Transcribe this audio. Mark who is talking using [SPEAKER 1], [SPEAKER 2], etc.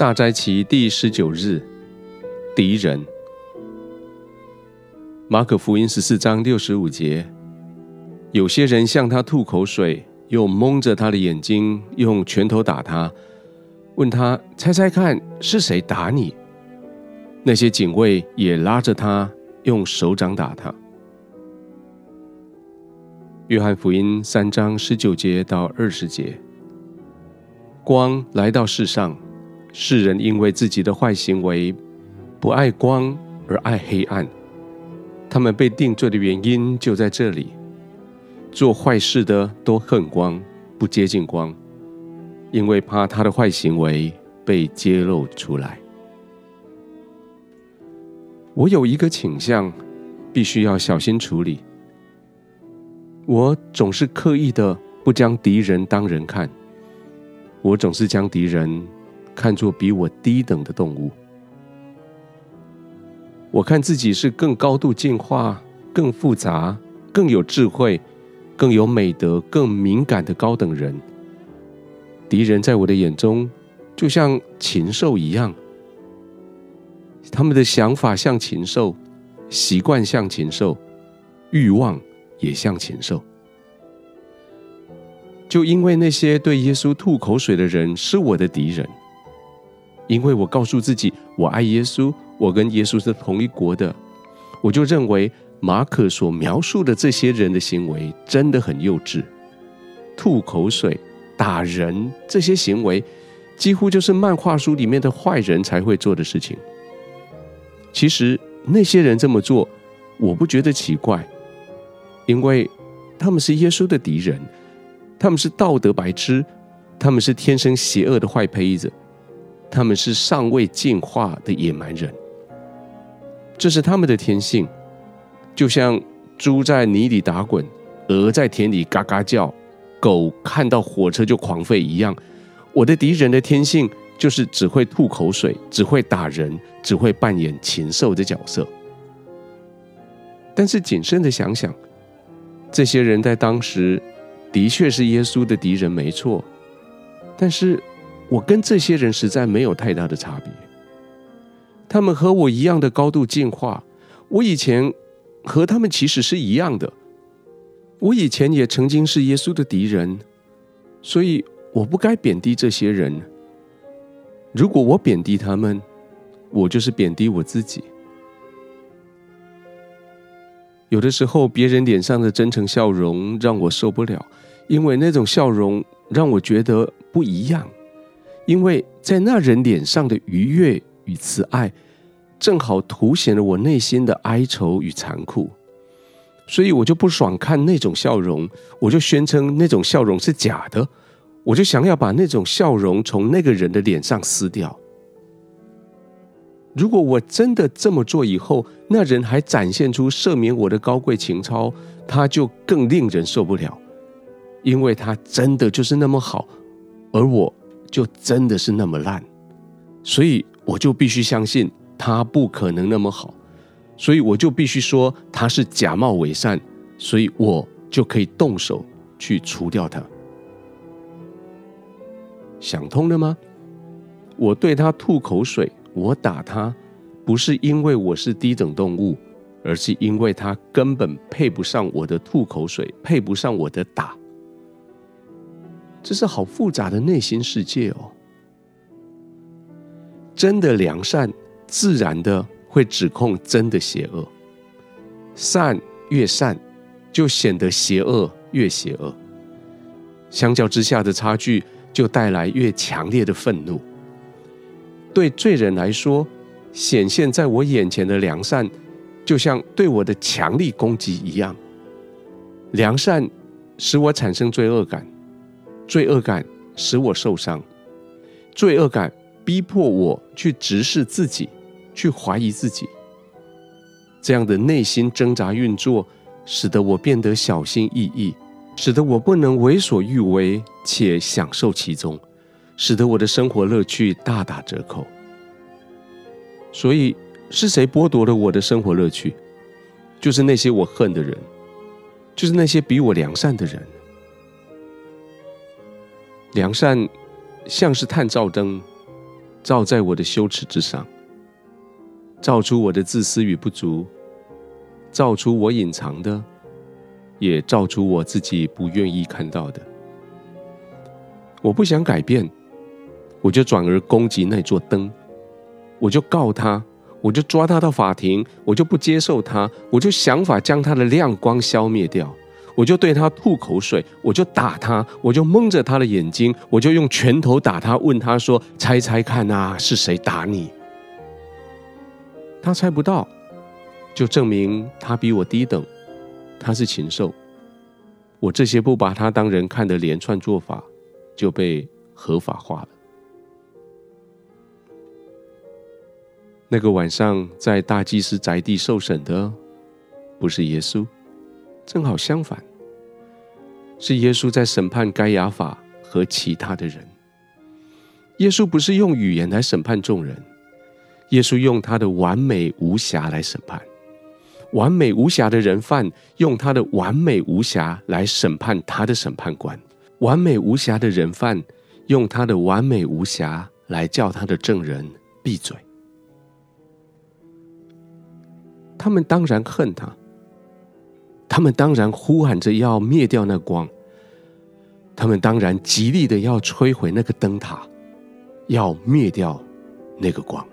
[SPEAKER 1] 大齋期第十九日，敵人。馬可福音十四章六十五節，有些人向他吐口水，又蒙着他的眼睛，用拳頭打他，問他，猜猜看是誰打你？那些警衛也拉着他，用手掌打他。約翰福音三章十九節到二十節，光來到世上，世人因為自己的壞行為，不愛光而愛黑暗，他們被定罪的原因就在這裡。做壞事的都恨光，不接近光，因為怕他的壞行為被揭露出來。我有一個傾向，必須要小心處理。我總是刻意的不將敵人當人看，我總是將敵人。看作比我低等的動物，我看自己是更高度進化、更複雜、更有智慧、更有美德、更敏感的高等人。敵人在我的眼中就像禽獸一樣，他們的想法像禽獸，習慣像禽獸，慾望也像禽獸。就因為那些對耶穌吐口水的人是我的敵人。因為我告訴自己，我愛耶穌，我跟耶穌是同一國的，我就認為馬可所描述的這些人的行為真的很幼稚，吐口水、打人這些行為，幾乎就是漫畫書裡面的壞人才會做的事情。其實那些人這麼做，我不覺得奇怪，因為他們是耶穌的敵人，他們是道德白痴，他們是天生邪惡的壞胚子。他們是尚未進化的野蠻人，這是他們的天性，就像豬在泥裡打滾，鵝在田裡嘎嘎叫，狗看到火車就狂吠一樣。我的敵人的天性就是只會吐口水，只會打人，只會扮演禽獸的角色。但是謹慎的想想，這些人在當時的確是耶穌的敵人，沒錯，但是。我跟這些人實在沒有太大的差別，他們和我一樣的高度進化。我以前和他們其實是一樣的，我以前也曾經是耶穌的敵人，所以我不該貶低這些人。如果我貶低他們，我就是貶低我自己。有的時候，別人臉上的真誠笑容讓我受不了，因為那種笑容讓我覺得不一樣。因為在那人臉上的愉悅與慈愛，正好凸顯了我內心的哀愁與殘酷，所以我就不爽看那種笑容，我就宣稱那種笑容是假的，我就想要把那種笑容從那個人的臉上撕掉。如果我真的這麼做以後，那人還展現出赦免我的高貴情操，他就更令人受不了，因為他真的就是那麼好，而我，就真的是那麼爛，所以我就必須相信他不可能那麼好，所以我就必須說他是假冒偽善，所以我就可以動手去除掉他。想通了嗎？我對他吐口水，我打他，不是因為我是低等動物，而是因為他根本配不上我的吐口水，配不上我的打。這是好複雜的內心世界哦。真的良善自然的會指控真的邪惡，善越善，就顯得邪惡越邪惡。相較之下的差距，就帶來越強烈的憤怒。對罪人來說，顯現在我眼前的良善，就像對我的強力攻擊一樣。良善使我產生罪惡感。罪惡感使我受傷，罪惡感逼迫我去直視自己，去懷疑自己。這樣的內心掙扎運作，使得我變得小心翼翼，使得我不能為所欲為且享受其中，使得我的生活樂趣大打折扣。所以，是誰剝奪了我的生活樂趣？就是那些我恨的人，就是那些比我良善的人。良善，像是探照燈，照在我的羞恥之上，照出我的自私與不足，照出我隱藏的，也照出我自己不願意看到的。我不想改變，我就轉而攻擊那座燈，我就告他，我就抓他到法庭，我就不接受他，我就想法將他的亮光消滅掉。我就對他吐口水，我就打他，我就蒙着他的眼睛，我就用拳頭打他，問他說：“猜猜看啊，是誰打你？”他猜不到，就證明他比我低等，他是禽獸。我這些不把他當人看的連串做法，就被合法化了。那個晚上在大祭司宅第受審的，不是耶穌。正好相反，是耶穌在審判該亞法和其他的人。耶穌不是用語言來審判眾人，耶穌用他的完美無瑕來審判。完美無瑕的人犯，用他的完美無瑕來審判他的審判官。完美無瑕的人犯，用他的完美無瑕來叫他的證人閉嘴。他們當然恨他。他們當然呼喊着要滅掉那光，他們當然極力的要摧毀那個燈塔，要滅掉那個光。